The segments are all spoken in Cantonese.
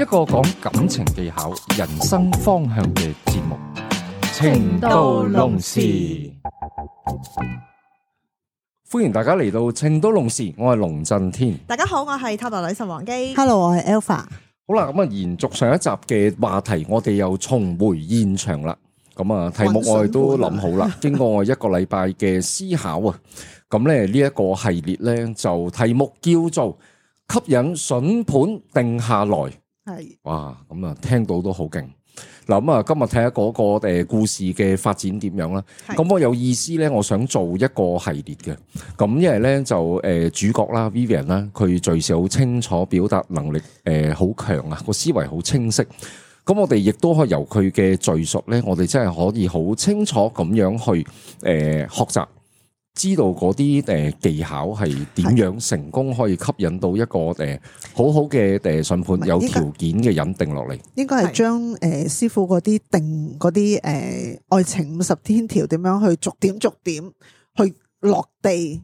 一個講感情技巧、人生方向嘅節目《情到龍匙》，歡迎大家嚟到《情到龍匙》。我係龍震天。大家好，我係塔羅女神王姬。Hello，我係 Alpha。好啦，咁啊，延續上一集嘅話題，我哋又重回現場啦。咁啊，題目我哋都諗好啦，經過我一個禮拜嘅思考啊，咁咧呢一個系列咧就題目叫做吸引筍盤定下來。哇，咁啊，聽到都好勁嗱，咁啊，今日睇下嗰個故事嘅發展點樣啦。咁是我有意思咧，我想做一個系列嘅，咁因為咧就誒主角啦，Vivian 啦，佢敍事好清楚，表達能力，誒好強啊，個思維好清晰。咁我哋亦都可以由佢嘅敍述咧，我哋真係可以好清楚咁樣去誒學習。知道嗰啲誒技巧係點樣成功，可以吸引到一個誒好好嘅誒筍盤，有條件嘅人定落嚟。應該係將誒師傅嗰啲定嗰啲誒愛情五十天條，點樣去逐點逐點去落地。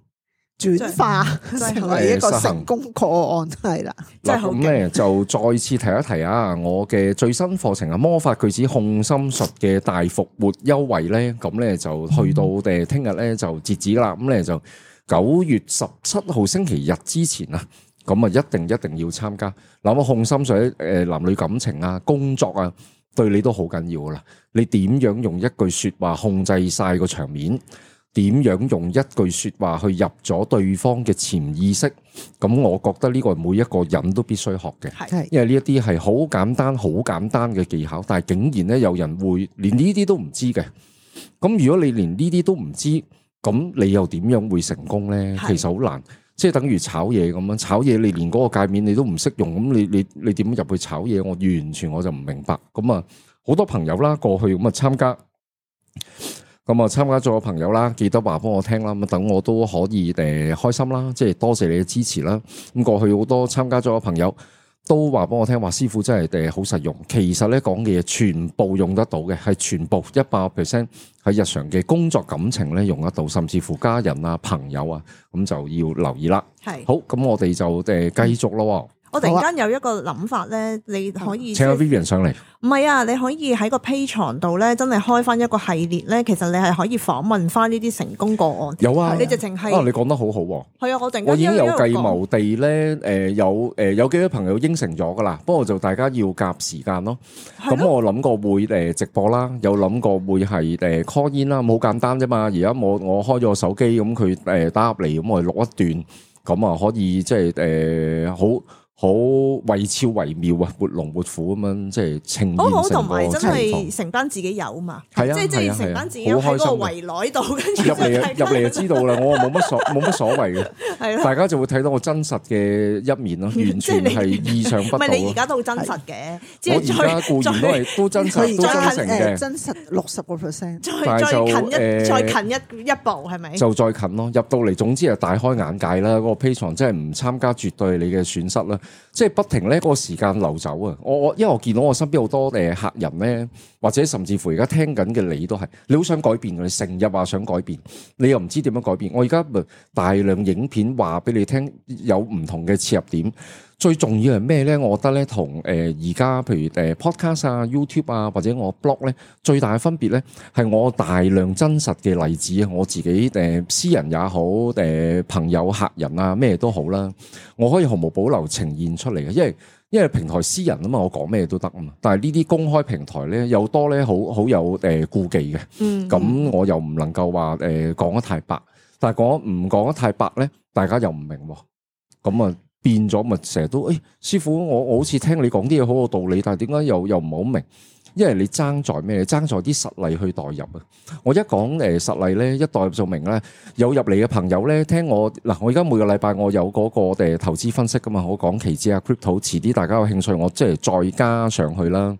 轉化成為一個成功個案係啦，咁咧就再次提一提啊！我嘅最新課程啊， 魔法句子控心術嘅大復活優惠咧，咁咧就去到誒聽日咧就截止啦。咁咧就九月十七號星期日之前啊，咁啊一定一定要參加。嗱，我控心術誒，男女感情啊，工作啊，對你都好緊要噶啦。你點樣用一句說話控制晒個場面？點樣用一句説話去入咗對方嘅潛意識？咁我覺得呢個係每一個人都必須學嘅，是因為呢一啲係好簡單、好簡單嘅技巧。但係竟然咧，有人會連呢啲都唔知嘅。咁如果你連呢啲都唔知，咁你又點樣會成功咧？是其實好難，即係等於炒嘢咁樣。炒嘢你連嗰個界面你都唔識用，咁你你你點入去炒嘢？我完全我就唔明白。咁啊，好多朋友啦，過去咁啊參加。咁啊，參加咗嘅朋友啦，記得話俾我聽啦。咁等我都可以誒開心啦，即係多謝你嘅支持啦。咁過去好多參加咗嘅朋友都話俾我聽話，師傅真係誒好實用。其實咧講嘅嘢全部用得到嘅，係全部一百 percent 喺日常嘅工作、感情咧用得到，甚至乎家人啊朋友啊，咁就要留意啦。係是好，咁我哋就誒繼續咯。我突然間有一個諗法咧，你可以請個 Vivian 上嚟，唔係啊，你可以喺個 Patreon 度咧，真係開翻一個系列咧。其實你係可以訪問翻呢啲成功個案，有啊，啊你直情係。啊，你講得好好，啊。係啊，我已經有計、這、謀、個、地咧，誒、呃，有誒、呃、有幾多朋友應承咗噶啦。不過就大家要夾時間咯。咁、啊、我諗過會誒直播啦，有諗過會係誒 call in 啦，好簡單啫嘛。而家我我開咗個手機，咁佢誒打入嚟，咁我哋錄一段，咁啊可以即係誒、呃、好。好惟妙惟妙啊，活龍活虎咁樣，即係清煙成個房。好好，同埋真係承擔自己有啊嘛，即係即係承擔自己喺嗰個圍內度。入嚟啊，入嚟啊，知道啦，我冇乜所冇乜所謂嘅，係大家就會睇到我真實嘅一面咯，完全係意想不。唔你而家都好真實嘅，我而家固然都都真實，真近嘅。真實六十個 percent，再再近一再近一一步，係咪？就再近咯，入到嚟，總之係大開眼界啦。嗰個 pay 床真係唔參加，絕對你嘅損失啦。即係不停咧，嗰個時間流走啊！我我，因為我見到我身邊好多誒、呃、客人咧，或者甚至乎而家聽緊嘅你都係，你好想改變，你成日話想改變，你又唔知點樣改變。我而家大量影片話俾你聽，有唔同嘅切入點。最重要係咩咧？我覺得咧，同誒而家譬如誒 Podcast 啊、YouTube 啊或者我 blog 咧，最大嘅分別咧，係我大量真實嘅例子，我自己誒私人也好，誒朋友客人啊咩都好啦，我可以毫無保留呈現出嚟嘅，因為因為平台私人啊嘛，我講咩都得啊嘛。但係呢啲公開平台咧，有多咧好好有誒顧忌嘅，咁、嗯嗯、我又唔能夠話誒講得太白，但係講唔講得太白咧，大家又唔明喎，咁啊～變咗咪成日都誒、哎，師傅，我我好似聽你講啲嘢，好有道理，但係點解又又唔好明？因為你爭在咩？爭在啲實例去代入啊！我一講誒實例咧，一代入就明啦。有入嚟嘅朋友咧，聽我嗱，我而家每個禮拜我有嗰個誒投資分析噶嘛，我講期指啊，Crypto，遲啲大家有興趣，我即係再加上去啦。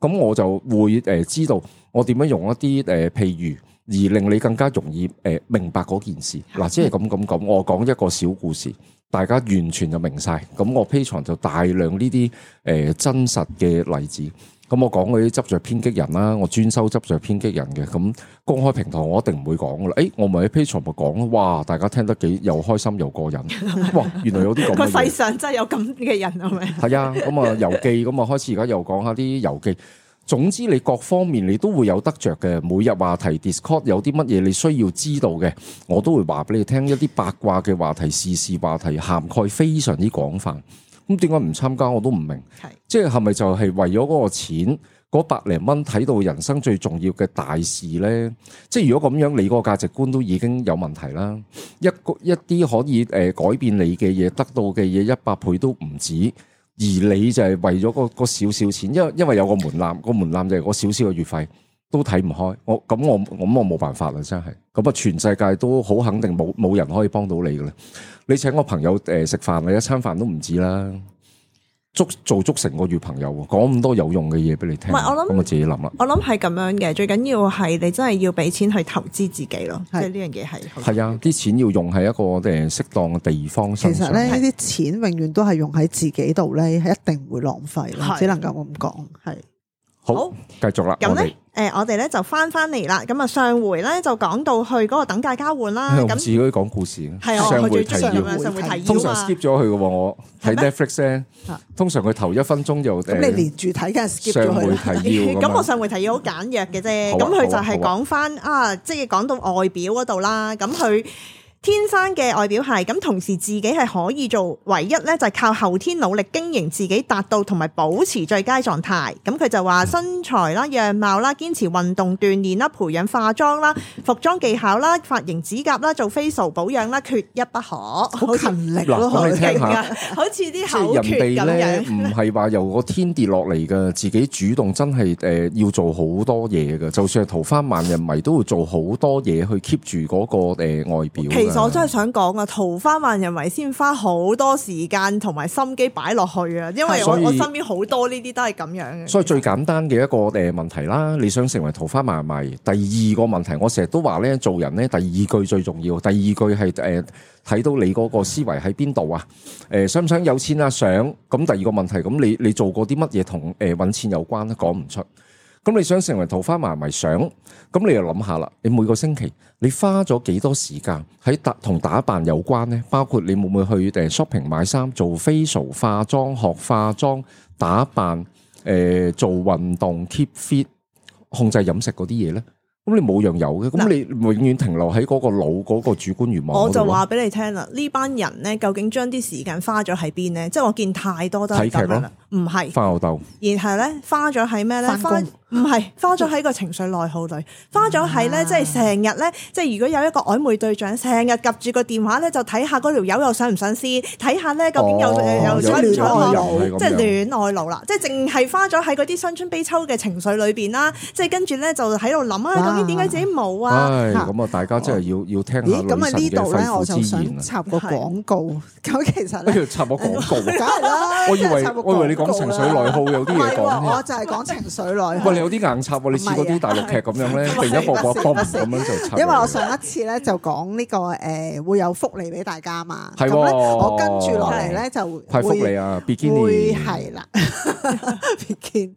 咁我就會誒知道我點樣用一啲誒、呃、譬如。而令你更加容易誒明白嗰件事，嗱，即係咁咁咁。我講一個小故事，大家完全就明曬。咁我 Patreon 就大量呢啲誒真實嘅例子。咁我講嗰啲執著偏激人啦，我專收執著偏激人嘅。咁公開平台我一定唔會講啦。誒，我咪喺 Patreon 咪講咯。哇，大家聽得幾又開心又過癮。哇，原來有啲咁嘅。咁個世上真係有咁嘅人係咪？係啊，咁啊遊記咁啊開始而家又講下啲遊記。總之，你各方面你都會有得着嘅。每日話題 Discord 有啲乜嘢你需要知道嘅，我都會話俾你聽。一啲八卦嘅話題、時事話題，涵蓋非常之廣泛。咁點解唔參加我都唔明？是即係係咪就係為咗嗰個錢嗰百零蚊睇到人生最重要嘅大事呢？即係如果咁樣，你個價值觀都已經有問題啦。一一啲可以誒改變你嘅嘢，得到嘅嘢一百倍都唔止。而你就係為咗嗰少少錢，因為因為有個門檻，個門檻就係個少少嘅月費都睇唔開，我咁我咁我冇辦法啦，真係，咁啊全世界都好肯定冇冇人可以幫到你㗎啦，你請我朋友誒食飯，你一餐飯都唔止啦。足做足成個月朋友喎，講咁多有用嘅嘢俾你聽。唔係，我諗咁我自己諗啦。我諗係咁樣嘅，最緊要係你真係要俾錢去投資自己咯。是即係呢樣嘢係。係啊，啲錢要用喺一個誒適當嘅地方身上。其實咧，呢啲錢永遠都係用喺自己度咧，係一定唔會浪費，的只能夠咁講，係。好，繼續啦。咁咧，誒，我哋咧就翻翻嚟啦。咁啊，上回咧就講到去嗰個等價交換啦。咁自己講故事。係啊，上回提上回提要，通常 skip 咗佢嘅喎。我睇 Netflix 咧，通常佢頭一分鐘就咁你連住睇嘅 skip 咗佢。咁，我上回提要好簡約嘅啫。咁佢就係講翻啊，即係講到外表嗰度啦。咁佢。天生嘅外表係咁，同時自己係可以做唯一咧，就係靠後天努力經營自己，達到同埋保持最佳狀態。咁佢就話身材啦、樣貌啦、堅持運動鍛煉啦、培養化妝啦、服裝技巧啦、髮型、指甲啦、做 facial 保養啦，缺一不可。好勤力咯，我嚟像嘗聽下，好似啲後人哋咧，唔係話由個天跌落嚟嘅，自己主動真係誒要做好多嘢嘅。就算係桃花萬人迷，都會做好多嘢去 keep 住嗰個誒外表。 我真係想講啊！桃花萬人迷先花好多時間同埋心機擺落去啊，因為我我身邊好多呢啲都係咁樣嘅。所以最簡單嘅一個誒問題啦，你想成為桃花萬人迷？第二個問題，我成日都話咧，做人咧第二句最重要，第二句係誒睇到你嗰個思維喺邊度啊？誒想唔想有錢啊？想，咁第二個問題，咁你你做過啲乜嘢同誒揾錢有關咧？講唔出。咁你想成為桃花萬人迷咪想？咁你又諗下啦，你每個星期你花咗幾多時間喺打同打扮有關呢？包括你會唔會去誒 shopping 買衫，做 facial、化妝、學化妝、打扮、誒、呃、做運動、keep fit、控制飲食嗰啲嘢呢？咁你冇樣有嘅，咁你永遠停留喺嗰個腦嗰個主觀願望。我就話俾你聽啦，呢班人咧究竟將啲時間花咗喺邊呢？即係我見太多都係咁樣啦。唔係花牛豆，然後咧花咗喺咩咧？花唔係花咗喺個情緒內耗裏，花咗喺咧即係成日咧，即係如果有一個曖昧對象，成日夾住個電話咧，就睇下嗰條友又想唔想試，睇下咧究竟有有有冇亂睬我即係戀愛腦啦，即係淨係花咗喺嗰啲傷春悲秋嘅情緒裏邊啦，即係跟住咧就喺度諗啊，究竟點解自己冇啊？咁啊，大家即係要要聽下。咦？咁啊呢度咧，我就想插個廣告。咁其實，要插個廣告梗係啦，我以為我以講情緒內耗有啲嘢講，我就係講情緒內耗。喂，你有啲硬插喎，你似嗰啲大陸劇咁樣咧，一個個個咁樣就插。因為我上一次咧就講呢、這個誒、呃、會有福利俾大家嘛，咁咧、哦、我跟住落嚟咧就會係福利啊！會係啦，比堅尼。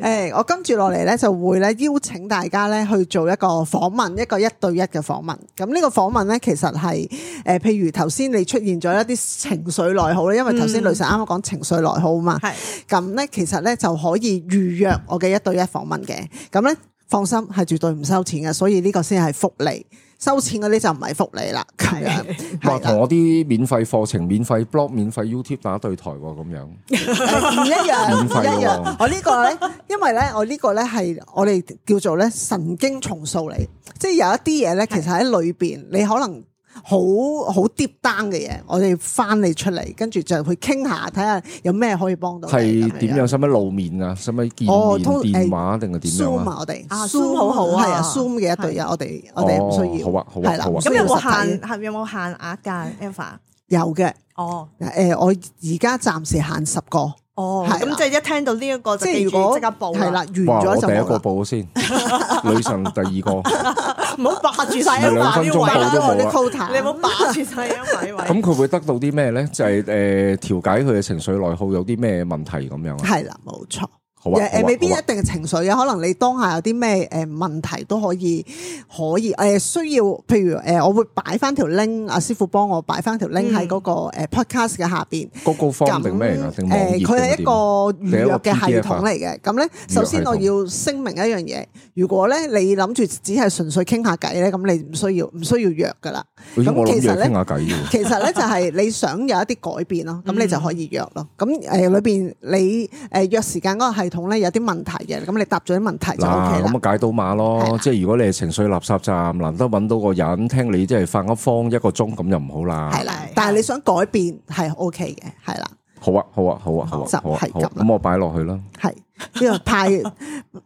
誒，我跟住落嚟咧就會咧邀請大家咧去做一個訪問，一個一對一嘅訪問。咁呢個訪問咧其實係誒、呃，譬如頭先你出現咗一啲情緒內耗咧，因為頭先女神啱啱講情緒內耗嘛，嗯嗯咁咧，其實咧就可以預約我嘅一對一訪問嘅。咁咧，放心係絕對唔收錢嘅，所以呢個先係福利。收錢嗰啲就唔係福利啦。係，同我啲免費課程、免費 blog、免費 YouTube 打對台喎，咁樣唔一樣。一樣、 嗯，我呢個咧，因為咧，我呢個咧係我哋叫做咧神經重塑嚟，即係有一啲嘢咧，其實喺裏邊你可能。好好跌單嘅嘢，我哋翻你出嚟，跟住就去傾下，睇下有咩可以幫到你。係點樣？使乜露面啊？使乜使見面？通電話定係點啊？我哋啊，Zoom 好好係啊，Zoom 嘅一對啊，我哋我哋唔需要。好啊，好啊，好啊。咁有冇限？有冇限額㗎？Eva 有嘅。哦，誒，我而家暫時限十個。哦，係。咁即係一聽到呢一個，即即刻報。係啦，完咗就我第一個報先，女神第二個！唔好霸住曬一位位啦！你唔好霸住曬一位位。咁佢會得到啲咩咧？就係、是、誒，調、呃、解佢嘅情緒內耗有啲咩問題咁樣啊？係啦，冇錯。誒、啊啊啊、未必一定情緒，有可能你當下有啲咩誒問題都可以，可以誒、呃、需要，譬如誒、呃，我會擺翻條 link，阿師傅幫我擺翻條 link 喺嗰個誒 podcast 嘅下邊，高、嗯、後方定咩誒，佢係、呃、一個預約嘅系統嚟嘅。咁咧，A，首先我要聲明一樣嘢，如果咧你諗住只係純粹傾下偈咧，咁你唔需要，唔需要約噶啦。咁、哎、其實咧， 其實咧就係你想有一啲改變咯，咁、嗯、你就可以約咯。咁誒裏邊你誒約時間嗰個系。統咧有啲問題嘅，咁你答咗啲問題就 OK。嗱，咁啊解到馬咯，的即係如果你係情緒垃圾站，難得揾到個人聽你即係發一方一個鐘，咁就唔好啦。係啦的，的但係你想改變係 OK 嘅，係啦、啊。好啊，好啊，好啊，好啊，係咁、啊。咁、啊、我擺落去啦。係。呢個派誒、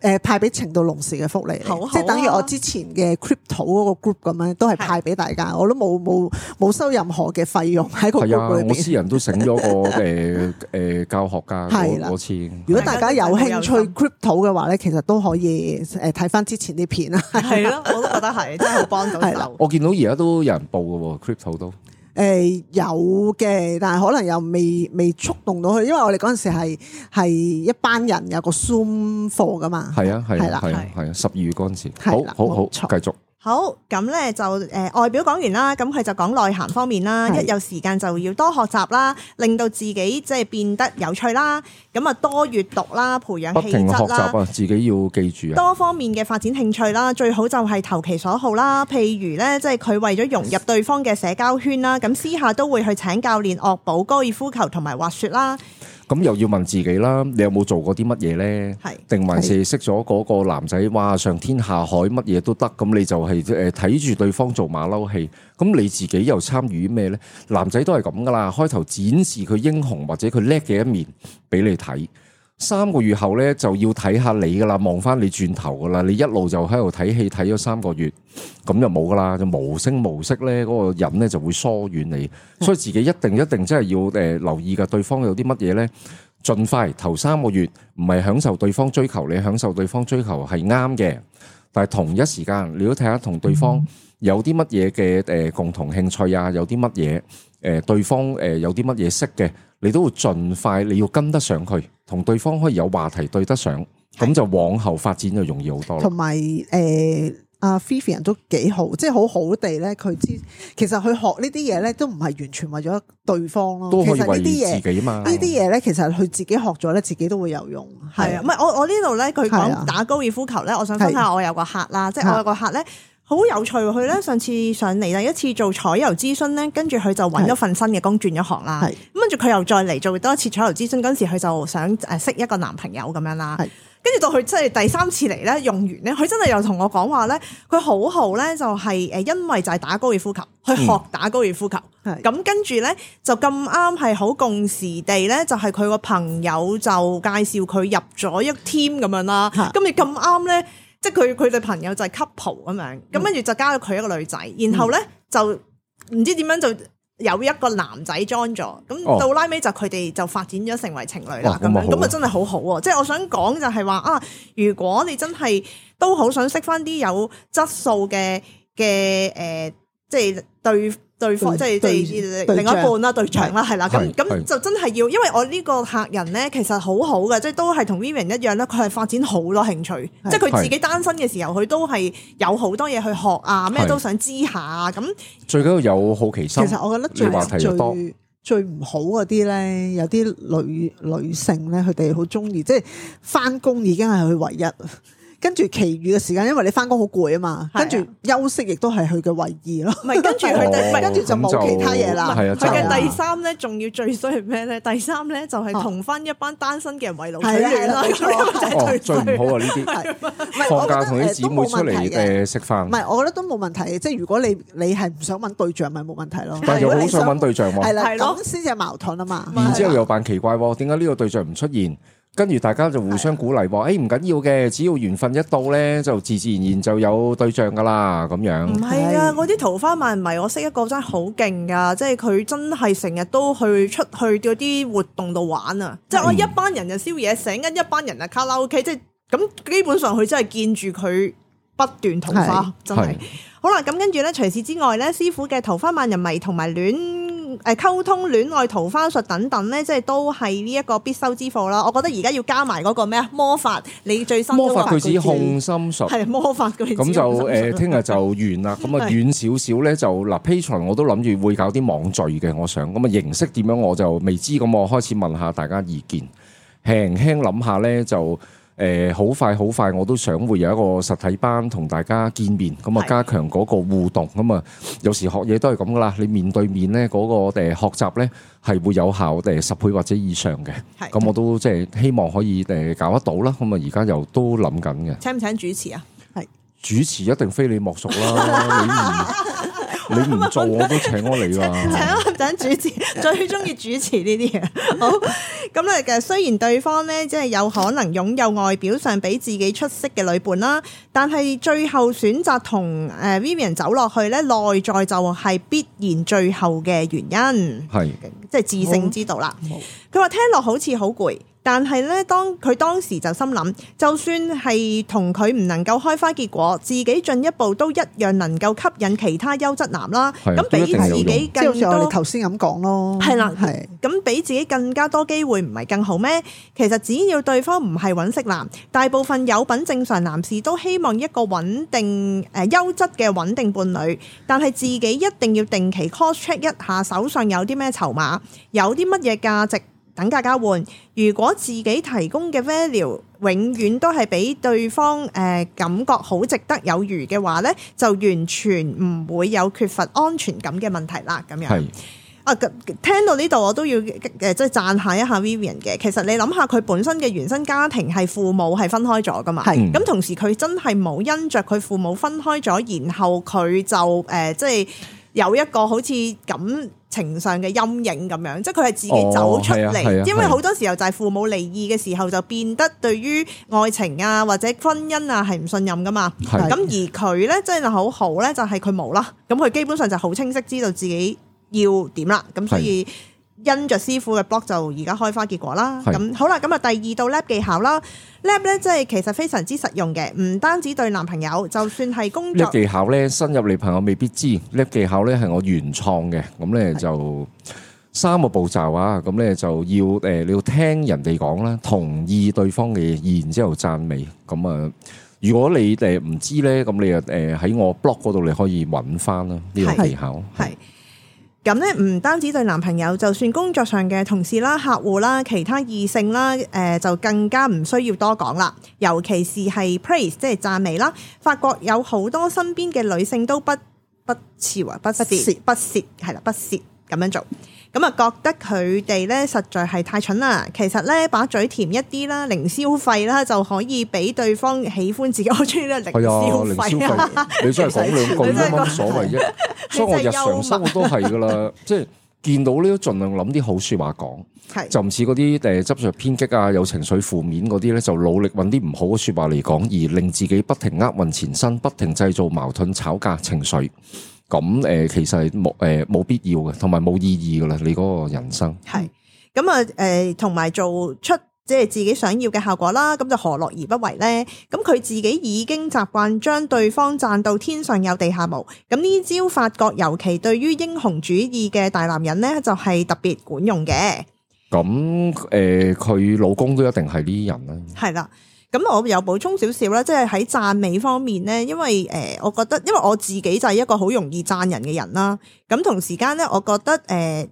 呃、派俾情到龍匙嘅福利，好好啊、即係等於我之前嘅 Crypto 嗰個 group 咁樣，都係派俾大家，我都冇冇冇收任何嘅費用喺個 group 裏邊我私人都醒咗個誒誒、 呃呃、教學家。好啦次。如果大家有興趣 Crypto 嘅話咧，其實都可以誒睇翻之前啲片啊。係咯，我都覺得係真係好幫到手。 啦我見到而家都有人報嘅喎，Crypto 都。誒、呃，有嘅，但係可能又未未觸動到佢，因為我哋陣時係係一班人有個筍貨噶嘛。係啊，係啦，係啊，十二，啊啊啊，月陣時，時、啊，好，好，好，冇錯，繼續。好，咁咧就誒外表講完啦，咁佢就講內涵方面啦。是一有時間就要多學習啦，令到自己即係變得有趣啦。咁啊，多閱讀啦，培養氣質啦，啊、自己要記住、啊。多方面嘅發展興趣啦，最好就係投其所好啦。譬如咧，即係佢為咗融入對方嘅社交圈啦，咁私下都會去請教練惡補高爾夫球同埋滑雪啦。咁又要問自己啦，你有冇做過啲乜嘢呢？定是還是識咗嗰個男仔，哇，上天下海乜嘢都得，咁你就係睇住對方做馬騮戲，咁你自己又參與咩呢？男仔都係咁噶啦，開頭展示佢英雄或者佢叻嘅一面俾你睇。三個月後呢，就要睇下你㗎啦，望返你轉頭㗎啦，你一路就喺度睇戲睇咗三個月，咁就冇㗎啦，就無聲無息呢，嗰個人呢，就會疏遠你。所以自己一定一定真係要留意㗎，對方有啲乜嘢呢，盡快，頭三個月，唔係享受對方追求，你享受對方追求，係啱嘅。但係同一時間，你都睇下同對方，有啲乜嘢嘅共同興趣呀，有啲乜嘢，對方有啲乜嘢識嘅，你都會盡快，你要跟得上佢。 同對方可以有話題對得上，咁是的 就往後發展就容易好多。同埋誒，阿菲菲人都幾好，即係好好地咧。佢知其實佢學呢啲嘢咧，都唔係完全為咗對方咯。都可以為自己嘛。其實呢啲嘢，呢啲嘢咧，其實佢自己學咗咧，自己都會有用。係啊的，唔係我我呢度咧，佢講打高爾夫球咧，的我想分享我有個客啦，即係的我有個客咧。好有趣佢咧，上次上嚟啦一次做彩油諮詢咧，跟住佢就揾咗份新嘅工轉咗是的 行啦。咁跟住佢又再嚟做多一次彩油諮詢，嗰時佢就想誒識一個男朋友咁樣啦。跟住是的 到佢即係第三次嚟咧，用完咧，佢真係又同我講話咧，佢好豪咧，就係誒因為就係打高爾夫球，去學打高爾夫球。咁跟住咧就咁啱係好共時地咧，就係佢個朋友就介紹佢入咗一 team 咁樣啦。咁你咁啱咧？即係佢佢對朋友就係 couple 咁樣，咁跟住就加咗佢一個女仔，然後咧就唔知點樣就有一個男仔 join 咗，咁到拉尾就佢哋就發展咗成為情侶啦，咁、哦哦、樣咁啊真係好、哦哦、好喎！即係我想講就係話啊，如果你真係都好想識翻啲有質素嘅嘅誒，即係對。對方即係即係另一半啦，對象啦，係啦，咁咁就真係要，因為我呢個客人咧，其實好好嘅，即係都係同 Vivian 一樣咧，佢係發展好多興趣，對即係佢自己單身嘅時候，佢都係有好多嘢去學啊，咩都想知下啊，咁對那最緊要有好奇心。其實我覺得最最最唔好嗰啲咧，有啲女女性咧，佢哋好中意，即係返工已經係佢唯一。跟住，其餘嘅時間，因為你翻工好攰啊嘛，跟住休息亦都係佢嘅唯二咯。唔跟住佢，跟住就冇其他嘢啦。佢嘅第三咧，仲要最衰係咩咧？第三咧就係同翻一班單身嘅人圍爐取暖啦。最唔好啊呢啲，係放假同啲姊妹出嚟嘅食飯。唔係，我覺得都冇問題，即係如果你你係唔想揾對象，咪冇問題咯。但係又好想揾對象喎。係啦，咁先至係矛盾啊嘛。然之後又扮奇怪，點解呢個對象唔出現？跟住大家就互相鼓勵，誒唔緊要嘅，只要緣分一到呢，就自自然然就有對象噶啦，咁樣。唔係啊，我啲桃花萬人迷，我識一個真係好勁噶，即係佢真係成日都去出去嗰啲活動度玩啊，是的 即係我一班人就宵夜醒，醒緊一班人就卡拉 OK，即係咁基本上佢真係見住佢不斷桃花，真係。好啦，咁跟住呢，除此之外呢，師傅嘅桃花萬人迷同埋戀。誒，溝通、戀愛、桃花術等等咧，即係都係呢一個必修之課啦。我覺得而家要加埋嗰個咩啊魔法，你最新法魔法巨子控心術係魔法巨。咁就誒，聽、呃、日 就完就就 啦。咁啊，遠少少咧就嗱，Patreon 我都諗住會搞啲網聚嘅，我想咁啊形式點樣我就未知。咁我開始問下大家意見，輕輕諗下咧就。誒，好快好快，我都想會有一個實體班同大家見面，咁啊加強嗰個互動，咁啊有時學嘢都係咁噶啦，你面對面咧嗰個誒學習咧係會有效誒十倍或者以上嘅，咁我都即係希望可以誒搞得到啦，咁啊而家又都諗緊嘅。請唔請主持啊？係是主持一定非你莫屬啦， 你唔做我都請咗你㗎。啊，請我等主持 最中意主持呢啲嘢。好咁咧，嘅，其實雖然對方咧即係有可能擁有外表上比自己出色嘅女伴啦，但係最後選擇同誒 Vivian 走落去咧，內在就係必然最後嘅原因，係即係自性之道啦。佢話、啊、聽落好似好攰。但係咧，當佢當時就心諗，就算係同佢唔能夠開花結果，自己進一步都一樣能夠吸引其他優質男啦。咁俾的自己更多，即係我哋頭先咁講咯。係啦，係咁俾自己更加多機會，唔係更好咩？其實只要對方唔係搵食男，大部分有品正常男士都希望一個穩定誒優質嘅穩定伴侶。但係自己一定要定期 call check 一下，手上有啲咩籌碼，有啲乜嘢價值。等價交換，如果自己提供嘅 value 永遠都係俾對方誒、呃、感覺好值得有餘嘅話咧，就完全唔會有缺乏安全感嘅問題啦。咁樣，是啊，聽到呢度我都要誒，即係讚下一下 Vivian 嘅。其實你諗下佢本身嘅原生家庭係父母係分開咗噶嘛？係咁是同時佢真係冇因着佢父母分開咗，然後佢就誒、呃、即係。有一個好似感情上嘅陰影咁樣，即係佢係自己走出嚟，哦啊啊啊、因為好多時候就係父母離異嘅時候就變得對於愛情啊或者婚姻啊係唔信任噶嘛。咁、啊、而佢呢，真係好好呢，就係佢冇啦，咁佢基本上就好清晰知道自己要點啦，咁所以。因著師傅嘅 blog 就而家開花結果啦，咁好啦，咁啊第二道 lap 技巧啦，lap 咧即係其實非常之實用嘅，唔單止對男朋友，就算係工作技巧咧，新入嚟朋友未必知，lap 技巧咧係我原創嘅，咁咧就三個步驟啊，咁咧就要誒你要聽人哋講啦，同意對方嘅意見，然之後讚美，咁啊，如果你哋唔知咧，咁你誒喺我 blog 嗰度你可以揾翻啦呢個技巧。咁咧唔單止對男朋友，就算工作上嘅同事啦、客戶啦、其他異性啦，誒、呃、就更加唔需要多講啦。尤其是係 praise 即係讚美啦，發覺有好多身邊嘅女性都不不潮啊，不屑。不屑係啦，不屑。不咁樣做，咁啊覺得佢哋咧實在係太蠢啦。其實咧，把嘴甜一啲啦，零消費啦，就可以俾對方喜歡自己好中意啦。零消費、啊、 你真係講兩句啦，乜所謂啫。所以 我日常生活都係噶啦， 即係見到呢，都盡量諗啲好說話講，係就唔似嗰啲誒執著偏激啊，有情緒負面嗰啲咧，就努力揾啲唔好嘅說話嚟講，而令自己不停厄運纏身，不停製造矛盾吵架情緒。咁誒，其實係冇誒冇必要嘅，同埋冇意義嘅啦，你嗰個人生係咁啊誒，同埋做出即係自己想要嘅效果啦，咁就何樂而不為呢？咁佢自己已經習慣將對方讚到天上有地下無，咁呢招發覺尤其對於英雄主義嘅大男人呢，就係特別管用嘅。咁誒、嗯，佢、呃、老公都一定係呢啲人啦，係啦。咁我有補充少少啦，即係喺讚美方面咧，因為誒、呃，我覺得，因為我自己就係一個好容易讚人嘅人啦。咁同時間咧，我覺得誒、呃，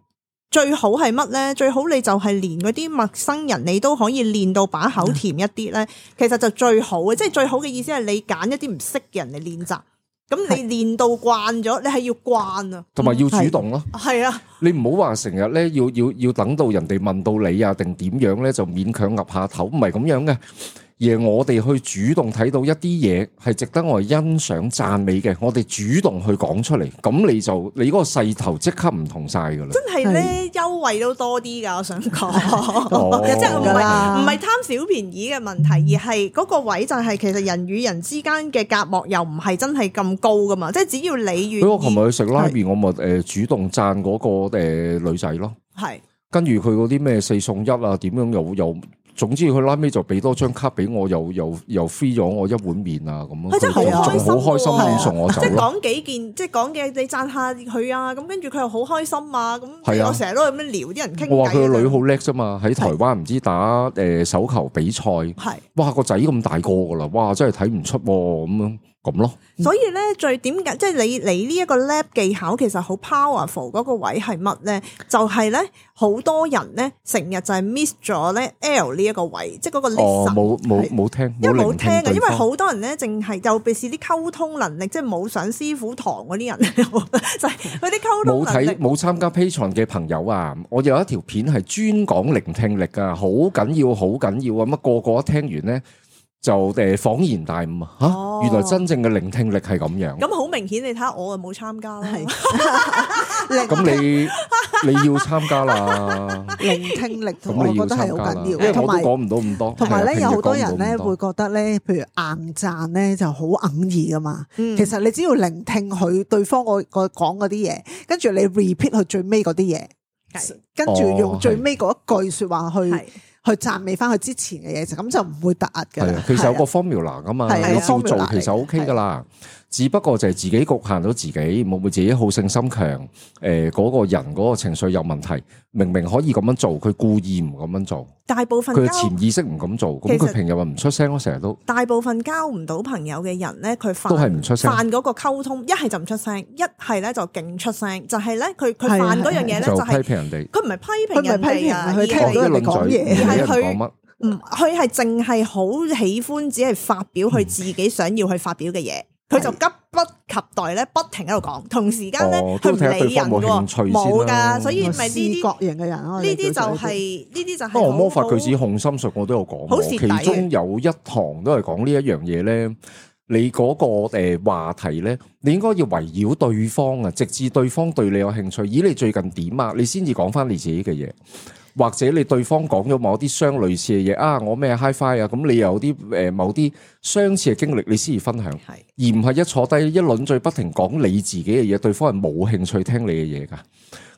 最好係乜咧？最好你就係連嗰啲陌生人，你都可以練到把口甜一啲咧。其實就最好嘅，即係最好嘅意思係你揀一啲唔識嘅人嚟練習。咁你練到慣咗，你係要慣啊。同埋要主動咯。係啊、嗯，你唔好話成日咧，要要要等到人哋問到你啊，定點樣咧，就勉強岌下頭，唔係咁樣嘅。而我哋去主動睇到一啲嘢係值得我哋欣賞讚美嘅，我哋主動去講出嚟，咁你就你嗰個勢頭即刻唔同晒㗎喇。真係咧，是優惠都多啲㗎，我想講，真係唔係唔係貪小便宜嘅問題，而係嗰個位就係其實人與人之間嘅隔膜又唔係真係咁高㗎嘛，即係只要你與。如果我琴日去食拉麪，是我咪誒主動讚嗰個女仔咯，係是跟住佢嗰啲咩四送一啊，點樣又又。有有總之佢拉尾就俾多張卡俾我，又又又 free 咗我一碗麵啊咁，佢仲好開心送的我走。即係講幾, 幾件，即係講嘅你讚下佢啊，咁跟住佢又好開心啊，咁的我成日都喺度聊啲人傾偈。話佢個女好叻啫嘛，喺的台灣唔知打誒手球比賽。係哇的，個仔咁大個噶啦，哇真係睇唔出咁樣。咁咯，嗯、所以咧最點解即係你你呢一個 lab 技巧其實好 powerful 嗰個位係乜咧？就係咧好多人咧成日就係 miss 咗咧 L 呢一個位，即係嗰個 listen，哦冇冇冇聽，因為冇聽嘅，聽因為好多人咧淨係，特別是啲溝通能力即係冇上師傅堂嗰啲人，就係佢啲溝通能力冇睇冇參加 Patreon 嘅朋友啊！我有一條片係專講聆聽力啊，好緊要好緊要啊！乜個個聽完咧？就誒，恍然大悟啊！吓，原來真正嘅聆聽力係咁樣。咁好明顯，你睇下我啊，冇參加啦。咁你你要參加啦。聆聽力，同我覺得係好緊要。同埋講唔到咁多。同埋咧，有好多人咧會覺得咧，譬如硬讚咧就好硬耳噶嘛。其實你只要聆聽佢對方嗰講嗰啲嘢，跟住你 repeat 佢最尾嗰啲嘢，跟住用最尾嗰一句說話去。去讚美翻佢之前嘅嘢，就咁就唔會突壓嘅。係啊，其實有個 formula 噶嘛，你照做其實 OK 噶啦。只不過就係自己局限到自己，會唔會自己好勝心強？誒、呃，嗰個人嗰個情緒有問題，明明可以咁樣做，佢故意唔咁樣做。大部分佢潛意識唔咁做，咁佢平日又唔出聲咯，成日都。大部分交唔到朋友嘅人咧，佢犯都係唔出聲，犯嗰個溝通，一係就唔出聲，一係咧就勁出聲，就係咧佢佢犯嗰樣嘢咧就批評人哋，佢唔係批評人哋啊，佢聽到人哋講嘢，係佢唔，佢係淨係好喜歡只係發表佢自己想要去發表嘅嘢。嗯佢就急不及待咧，不停喺度講，同時間咧佢唔理人嘅喎，冇噶、哦，睇下對方冇興趣先啊、所以咪呢啲各型嘅人、啊，呢啲就係呢啲就係、是。不過魔法巨子控心術我都有講過，其中有一堂都係講呢一樣嘢咧，帥帥你嗰個誒話題咧，你應該要圍繞對方啊，直至對方對你有興趣，咦？你最近點啊？你先至講翻你自己嘅嘢。或者你對方講咗某啲相類似嘅嘢啊，我咩 high five 啊，咁你有啲誒某啲相似嘅經歷，你先至分享，而唔係一坐低一輪嘴不停講你自己嘅嘢，對方係冇興趣聽你嘅嘢噶。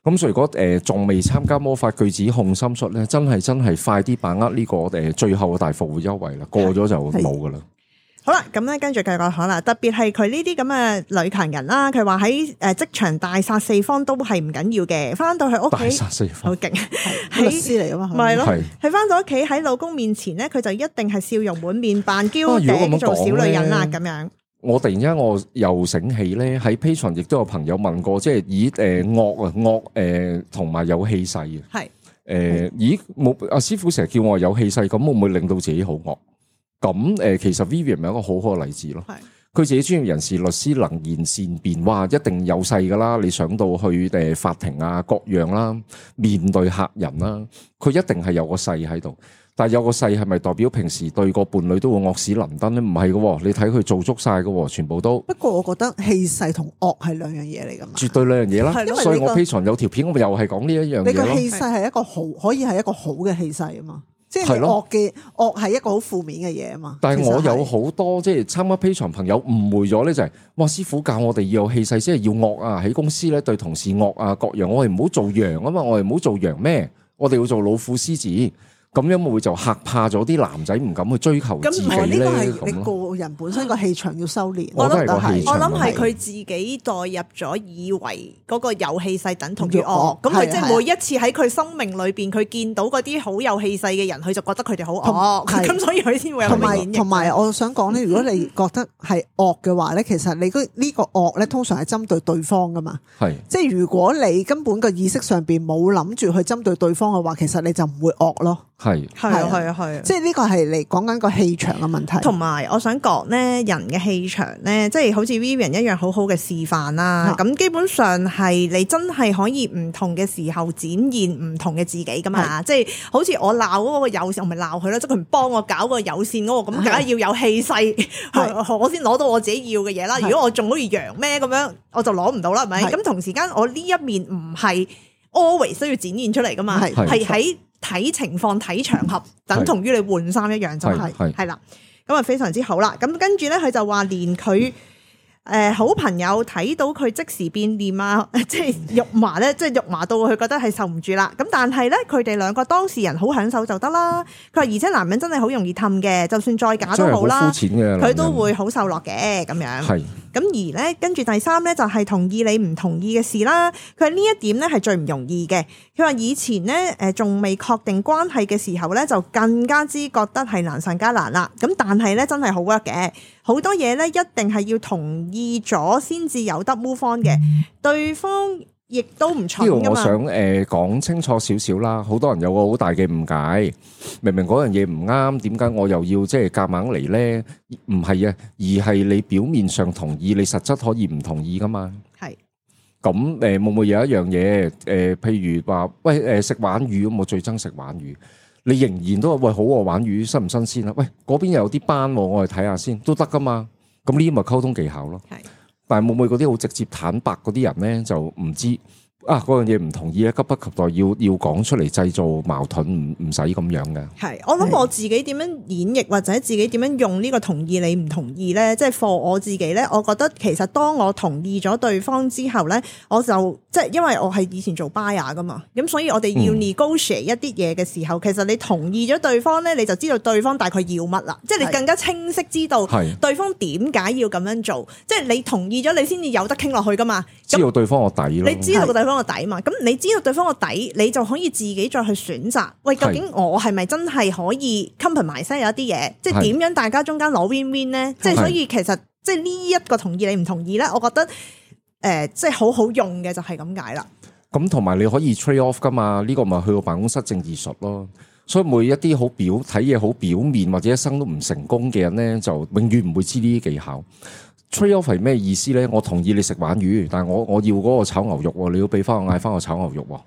咁所以如果誒仲未參加魔法句子控心術呢，真係真係快啲把握呢、呢個誒、呃、最後嘅大復活優惠啦，過咗就冇噶啦。好啦，咁咧，跟住繼續講啦。特別係佢呢啲咁嘅女強人啦，佢話喺誒職場大殺四方都係唔緊要嘅，翻到去屋企大殺四方好勁，好事嚟噶嘛，係咪咯。喺翻到屋企喺老公面前咧，佢就一定係笑容滿面扮嬌嗲做小女人啦。咁樣，我突然間我又醒起咧，喺 Patreon 亦都有朋友問過，即係以誒惡啊惡誒同埋有氣勢啊，係誒以冇阿師傅成日叫我有氣勢，咁會唔會令到自己好惡？咁誒，其實 Vivian 咪一個好好嘅例子咯。佢是自己專業人士，律師能言善辯，哇，一定有勢噶啦！你上到去誒法庭啊，各樣啦，面對客人啦，佢一定係有個勢喺度。但係有個勢係咪代表平時對個伴侶都會惡死能登咧？唔係嘅喎，你睇佢做足晒嘅喎，全部都。不過我覺得氣勢同惡係兩樣嘢嚟噶嘛。絕對兩樣嘢啦，因為這個、所以我 Patreon 有條片，我咪又係講呢一樣嘢。你嘅氣勢係一個好，可以係一個好嘅氣勢啊嘛。即係惡嘅惡係一個好負面嘅嘢啊嘛，但係我有好多是即係參加 Patreon 朋友誤會咗咧，就係、是，哇，師傅教我哋要有氣勢，先係要惡啊，喺公司咧，對同事惡啊，各樣，我哋唔好做羊啊嘛，我哋唔好做羊咩，我哋要做老虎獅子。咁樣會，會就嚇怕咗啲男仔唔敢去追求自己咧。咁呢個係你個人本身個氣場要修煉。我諗也係我諗係佢自己代入咗，以為嗰、那個有氣勢等同於惡。咁佢惡即係每一次喺佢生命裏邊，佢見到嗰啲好有氣勢嘅人，佢就覺得佢哋好惡。咁和所以佢先會有同埋我想講咧，如果你覺得係惡嘅話咧，其實你呢個惡咧，通常係針對對方噶嘛。係是即係如果你根本個意識上邊冇諗住去針對對方嘅話，其實你就唔會惡咯。係，係啊，係啊，係啊，即係呢個係你講緊個氣場嘅問題，同埋我想講咧，人嘅氣場咧，即係好似 Vivian 一樣好好嘅示範啦。咁基本上係你真係可以唔同嘅時候展現唔同嘅自己噶嘛？即係好似我鬧嗰個有線，我咪鬧佢咧，即係佢唔幫我搞個有線嗰個，咁梗係要有氣勢，我先攞到我自己要嘅嘢啦。如果我仲好似弱咩咁樣，我就攞唔到啦，係咪？咁同時間我呢一面唔係 always 需要展現出嚟噶嘛？係係喺。睇情況睇場合，等同於你換衫一樣， 就係係啦。咁啊，非常之好啦。咁跟住咧，佢就話連佢誒、呃、好朋友睇到佢即時變臉啊， 即係肉麻咧，即係肉麻到佢覺得係受唔住啦。咁但係咧，佢哋兩個當事人好享受就得啦。佢話而且男人真係好容易氹嘅，就算再假都好啦，佢都會好受落嘅咁樣。咁而咧，跟住第三咧就係、是、同意你唔同意嘅事啦。佢呢一點咧係最唔容易嘅。佢話以前咧，誒仲未確定關係嘅時候咧，就更加之覺得係難上加難啦。咁但係咧，真係好屈嘅，好多嘢咧一定係要同意咗先至有得 move on 嘅，對方。亦都唔錯噶嘛？呢度我想誒講清楚少少啦。好多人有個好大嘅誤解，明明嗰樣嘢唔啱，點解我又要即係夾硬嚟咧？唔係啊，而係你表面上同意，你實質可以唔同意噶嘛？係。咁誒，會唔會有一樣嘢誒？譬如話，喂誒，食鯇魚咁，我最憎食鯇魚。你仍然都話喂，好喎，鯇魚新唔新鮮啊？喂，嗰邊又有啲斑，我嚟睇下先，都得噶嘛？咁呢啲咪溝通技巧咯。係。但係會唔會嗰啲好直接坦白嗰啲人咧，就唔知？啊！嗰樣嘢唔同意咧，急不及待要要講出嚟製造矛盾，唔唔使咁樣嘅。係，我諗我自己點樣演繹或者自己點樣用呢個同意你唔同意呢？即係 for 我自己呢。我覺得其實當我同意咗對方之後呢，我就即係因為我係以前做 buyer 噶嘛，咁所以我哋要 negotiate 一啲嘢嘅時候，嗯、其實你同意咗對方呢，你就知道對方大概要乜啦，即係你更加清晰知道對方點解要咁樣做，即係是的 你同意咗，你先至有得傾落去噶嘛。知道對方個底咯、嗯，你知道個對方個底嘛？咁你知道對方個底，是底，你就可以自己再去選擇。喂，究竟我係咪真係可以 c o m p a n s 埋身有一啲嘢？即係點樣大家中間攞 win-win 咧？即係是所以其實即係呢一個同意你唔同意咧？我覺得誒、呃，即係好好用嘅就係咁解啦。咁同埋你可以 trade off 噶嘛？呢、呢個咪去個辦公室政治術咯。所以每一啲好表睇嘢好表面或者一生都唔成功嘅人咧，就永遠唔會知呢啲技巧。trade off 係咩意思咧？我同意你食皖魚，但係我我要嗰個炒牛肉喎，你要俾翻我嗌翻我個炒牛肉喎。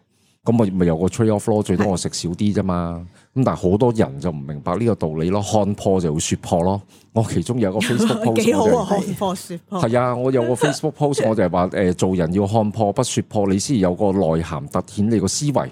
咁咪咪有個 trade off，最多我食少啲啫嘛。咁但係好多人就唔明白呢個道理咯，看破就會說破咯。我其中有一個 Facebook post 幾好啊，看破說破係啊，我有個 Facebook post，我就係話誒，做人要看破不說破，你先有個內涵凸顯你個思維。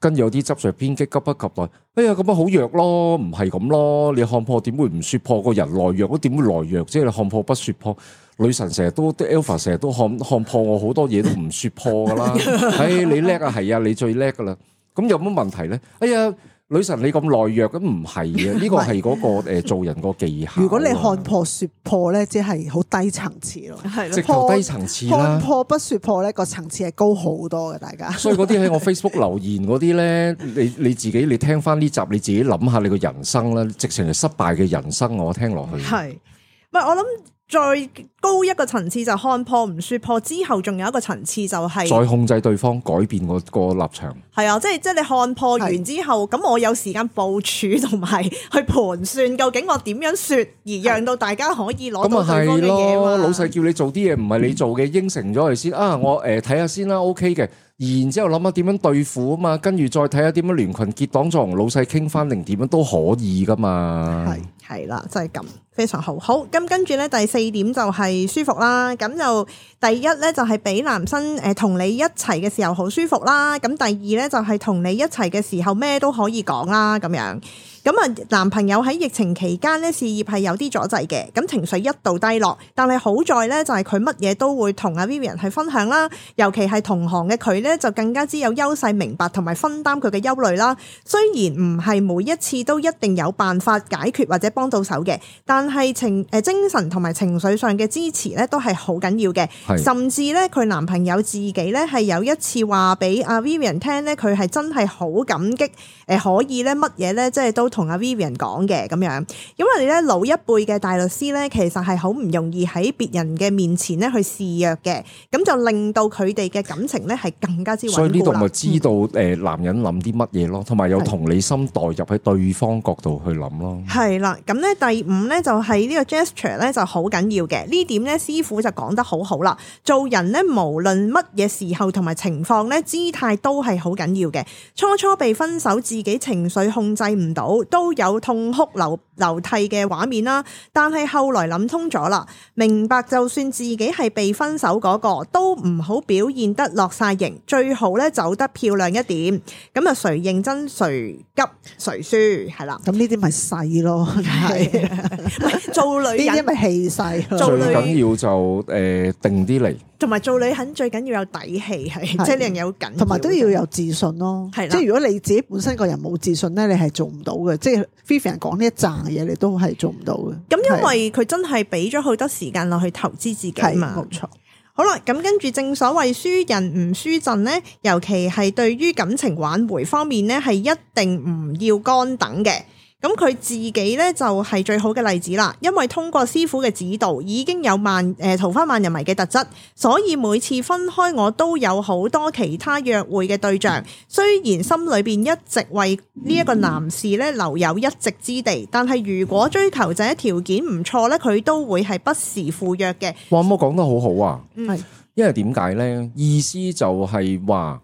跟住有啲執著偏激急不及待。哎呀，咁樣好弱咯，唔係咁咯，你看破點會唔說破？個人內弱都點會內弱？即係你看破不說破，女神成日都啲 Alpha 成日都看看破我好多嘢，都唔說破噶啦！哎，你叻啊，係啊，你最叻噶啦！咁有乜問題咧？哎呀！女神你，你咁懦弱咁唔係嘅，呢個係嗰個誒做人個技巧。如果你看破説破咧，即係好低層次咯。係咯的，直頭低層次看破不説破咧，個層次係高好多嘅。大家。所以嗰啲喺我 Facebook 留言嗰啲咧，你 你自己你聽翻呢集，你自己諗下你個人生啦，直情係失敗嘅人生。我聽落去。係。唔係我諗。最高一個層次就看破唔説破，之後仲有一個層次就係、是、再控制對方改變個立場。係啊，即係即係你看破完之後，咁的我有時間部署同埋去盤算究竟我點樣説而讓到大家可以攞到對方嘅嘢。老細叫你做啲嘢唔係你做嘅，嗯、應承咗佢先啊！我誒睇下先啦，OK 嘅。然之後諗下點樣對付啊嘛，跟住再睇下點樣連群結黨再同老細傾翻，零點樣都可以噶嘛。係係啦，即係咁，非常好。好，咁跟住咧第四點就係舒服啦。咁就第一咧就係、是、俾男生誒同你一齊嘅時候好舒服啦。咁第二咧就係、是、同你一齊嘅時候咩都可以講啦，咁樣。咁啊，男朋友喺疫情期間咧，事業係有啲阻滯嘅，咁情緒一度低落。但係好在咧，就係佢乜嘢都會同阿 Vivian 去分享啦。尤其係同行嘅佢咧，就更加之有優勢明白同埋分擔佢嘅憂慮啦。雖然唔係每一次都一定有辦法解決或者幫到手嘅，但係情誒精神同埋情緒上嘅支持咧，都係好緊要嘅。甚至咧，佢男朋友自己咧係有一次話俾阿 Vivian 聽咧，佢係真係好感激誒，可以咧乜嘢咧，即係都。同阿 Vivian 講嘅咁樣，因為咧老一輩嘅大律師咧，其實係好唔容易喺別人嘅面前咧去示弱嘅，咁就令到佢哋嘅感情咧係更加之穩固啦。所以呢度咪知道誒，男人諗啲乜嘢咯，同埋、嗯、有同理心代入喺對方角度去諗咯。係啦，咁咧第五咧就係呢個 gesture 咧就好緊要嘅。呢點咧師傅就講得好好啦。做人咧無論乜嘢時候同埋情況咧，姿態都係好緊要嘅。初初被分手，自己情緒控制唔到。都有痛哭流流涕嘅畫面啦，但係後來諗通咗啦，明白就算自己係被分手嗰個，都唔好表現得落晒型，最好咧走得漂亮一點。咁啊，誰認真誰急誰輸係啦。咁呢啲咪細咯，係係做女人因為氣勢？做女人要就誒、呃、定啲嚟，同埋做女人最緊要有底氣，係即係你有緊，同埋都要有自信咯。係的即係如果你自己本身個人冇自信咧，你係做唔到嘅。即係非凡講呢一紮嘢，你都係做唔到嘅。咁因為佢真係俾咗好多時間落去投資自己嘛。冇錯，好啦。咁跟住正所謂輸人唔輸陣咧，尤其係對於感情挽回方面咧，係一定唔要乾等嘅。咁佢自己呢就係最好嘅例子啦，因為通過師傅嘅指導，已經有萬誒、呃、桃花萬人迷嘅特質，所以每次分開我都有好多其他約會嘅對象。雖然心裏邊一直為呢一個男士呢留有一席之地，但係如果追求者條件唔錯呢，佢都會係不時赴約嘅。哇，咁我講得好好啊！係是，因為點解呢？意思就係話，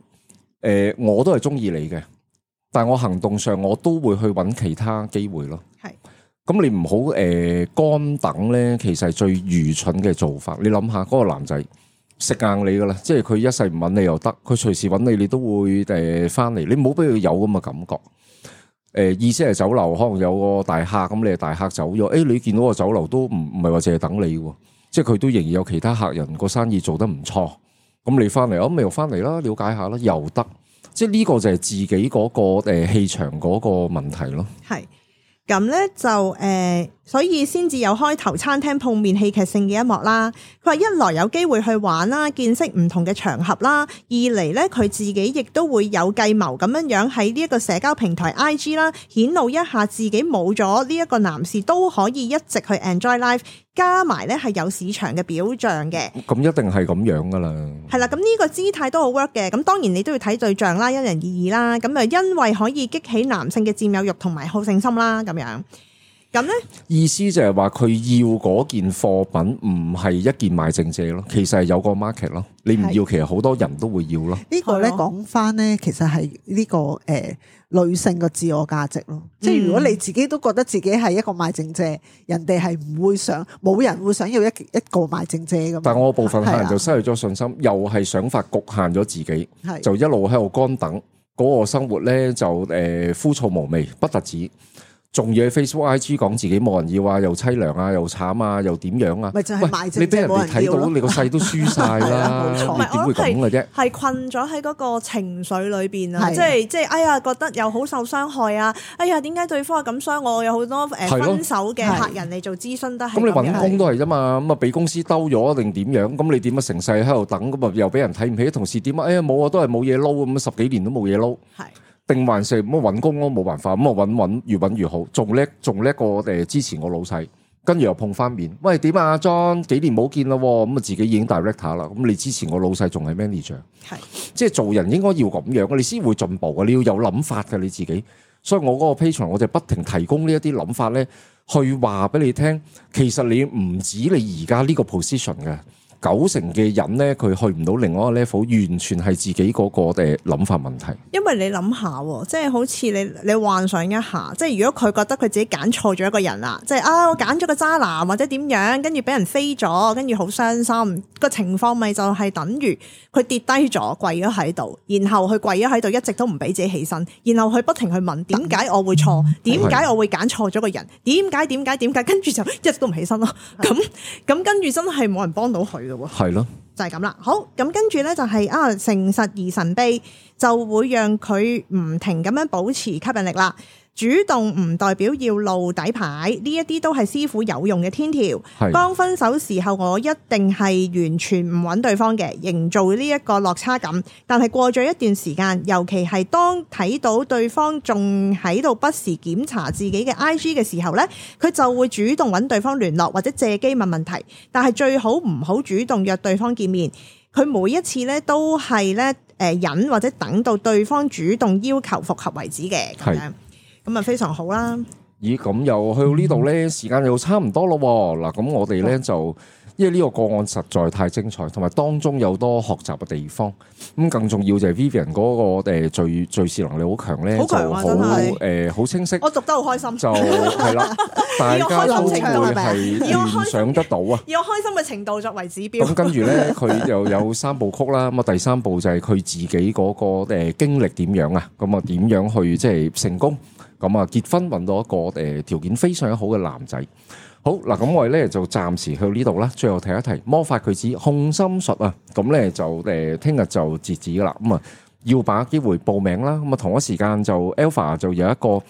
誒、呃，我都係中意你嘅。但係我行動上我都會去揾其他機會咯。係咁是，你唔好誒乾等咧，其實係最愚蠢嘅做法。你諗下，嗰、那個男仔食硬你噶啦，即係佢一世唔揾你又得，佢隨時揾你，你都會誒翻嚟，你唔好俾佢有咁嘅感覺。誒、呃，意思係酒樓可能有個大客咁，你係大客走咗，誒、欸，你見到個酒樓都唔唔係話淨係等你，即係佢都仍然有其他客人，個生意做得唔錯。咁你翻嚟，咁、哦、咪又翻嚟啦，了解下啦，又得。即係呢個就係自己嗰個誒氣場嗰個問題咯。係，咁呢，就、呃、誒，所以先至有開頭餐廳碰面戲劇性嘅一幕啦。佢話一來有機會去玩啦，見識唔同嘅場合啦；二嚟呢，佢自己亦都會有計謀咁樣樣喺呢一個社交平台 IG 啦，顯露一下自己冇咗呢一個男士都可以一直去 Enjoy Life。加埋咧係有市場嘅表象嘅、嗯，咁一定係咁樣噶啦。係啦，咁、這、呢個姿態都好 work 嘅。咁當然你都要睇對象啦，因人而異啦。咁又因為可以激起男性嘅佔有欲同埋好勝心啦，咁樣。咁咧，意思就係話佢要嗰件貨品唔係一件賣剩蔗咯，其實係有個 market 咯。你唔要，是的 其實好多人都會要咯。呢個咧講翻咧，其實係呢、這個誒、呃、女性嘅自我價值咯。即係如果你自己都覺得自己係一個賣剩蔗，嗯、人哋係唔會想，冇人會想要一一個賣剩蔗咁。但係我部分可能就失去咗信心，的又係想法局限咗自己，是的 就一路喺度乾等，嗰、那個生活咧就誒枯、呃、燥無味，不特止。仲要喺 Facebook、IG 講自己冇人要啊，又淒涼啊，又慘啊，又點樣啊？咪就係賣啫，即係冇人要。你俾人哋睇到，你個勢都輸晒啦。點會咁嘅啫？係困咗喺嗰個情緒裏邊啊！即係即係，哎呀，覺得又好受傷害啊！哎呀，點解對方咁傷我？有好多誒分手嘅客人嚟做諮詢得。咁你揾工都係啫嘛，咁啊俾公司兜咗定點樣？咁你點樣？成世喺度等，咁啊又俾人睇唔起啲同事。點啊？哎呀，冇啊，都係冇嘢撈咁，十幾年都冇嘢撈。係。定還是咁啊揾工都冇辦法，咁我揾揾越揾越好，仲叻仲叻過誒之前我老細，跟住又碰翻面。喂點啊莊？John，幾年冇見咯，咁啊、嗯、自己已經 director 啦。咁、嗯、你之前我老細仲係 manager，係是即係做人應該要咁樣，你先會進步嘅。你要有諗法嘅你自己。所以我嗰個 patron 我就不停提供呢一啲諗法咧，去話俾你聽。其實你唔止你而家呢個 position 嘅。九成嘅人咧，佢去唔到另外一個 level，完全係自己嗰個嘅諗法問題。因為你諗下，即係好似你你幻想一下，即係如果佢覺得佢自己揀錯咗一個人啦，即係啊，我揀咗個渣男或者點樣，跟住俾人飛咗，跟住好傷心。個情況咪就係等於佢跌低咗，跪咗喺度，然後佢跪咗喺度，一直都唔俾自己起身，然後佢不停去問點解我會錯，嗯，點解我會揀錯咗個人，點解點解點解，跟住就一直都唔起身咯。咁咁跟住真係冇人幫到佢。係咯，是就係咁啦。好，咁跟住呢，就係啊，誠實而神秘，就會讓佢唔停咁樣保持吸引力啦。主動唔代表要露底牌，呢一啲都係師傅有用嘅天條。當分手時候，我一定係完全唔揾對方嘅，營造呢一個落差感。但係過咗一段時間，尤其係當睇到對方仲喺度不時檢查自己嘅 IG 嘅時候呢，佢就會主動揾對方聯絡或者借機問問題。但係最好唔好主動約對方見面。佢每一次呢都係咧誒忍，或者等到對方主動要求復合為止嘅咁樣。咁啊，非常好啦、啊！咦，咁又去到呢度咧，嗯、時間又差唔多咯喎。嗱，咁我哋咧就，因為呢個個案實在太精彩，同埋當中有多學習嘅地方。咁更重要就係 Vivian 嗰、嗰個誒，敘、呃、事能力好強咧，好強啊！很真好、呃、好清晰，我讀得好開心，就係啦。 大家都會係想得到啊！以我開心嘅程， 程度作為指標。咁跟住咧，佢又有三部曲啦。咁啊，第三部就係佢自己嗰個誒經歷點樣啊？咁啊，點樣去即係成功？咁啊，結婚搵到一個誒條件非常好嘅男仔。好嗱，咁我哋咧就暫時去呢度啦。最後提一提魔法句子《控心術》啊，咁咧就誒聽日就截止啦。咁啊～要把握機會報名啦，咁啊同一時間就 Alpha 就有一個誒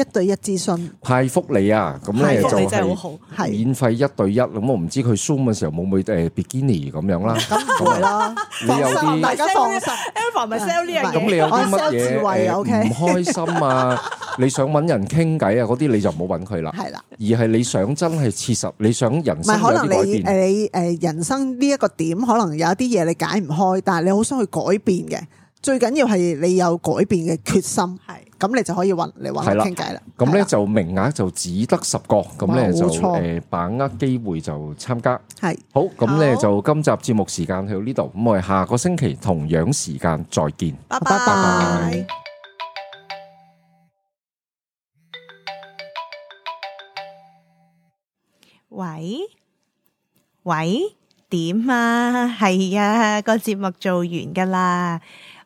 一對一諮詢派福利啊，咁咧就係免費一對一，咁我唔知佢 Zoom 嘅時候冇冇誒 bikini 咁樣啦，梗係啦，你有大家放心，Alpha 咪 sell 呢樣，咁你有乜嘢唔開心啊？你想揾人傾偈啊？嗰啲你就唔好揾佢啦，係啦。而係你想真係切實，你想人生，唔係可能你誒誒人生呢一個點，可能有一啲嘢你解唔開，但係你好想去改變嘅。最緊要係你有改變嘅決心，係咁你就可以揾嚟揾佢傾偈啦。咁咧就名額就只得十個，咁咧就誒把握機會就參加。係好，咁咧就今集節目時間去到呢度，咁我哋下個星期同樣時間再見。拜拜拜拜。喂喂，點啊？係啊，個節目做完噶啦。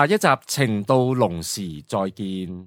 下一集情到龍匙，再見。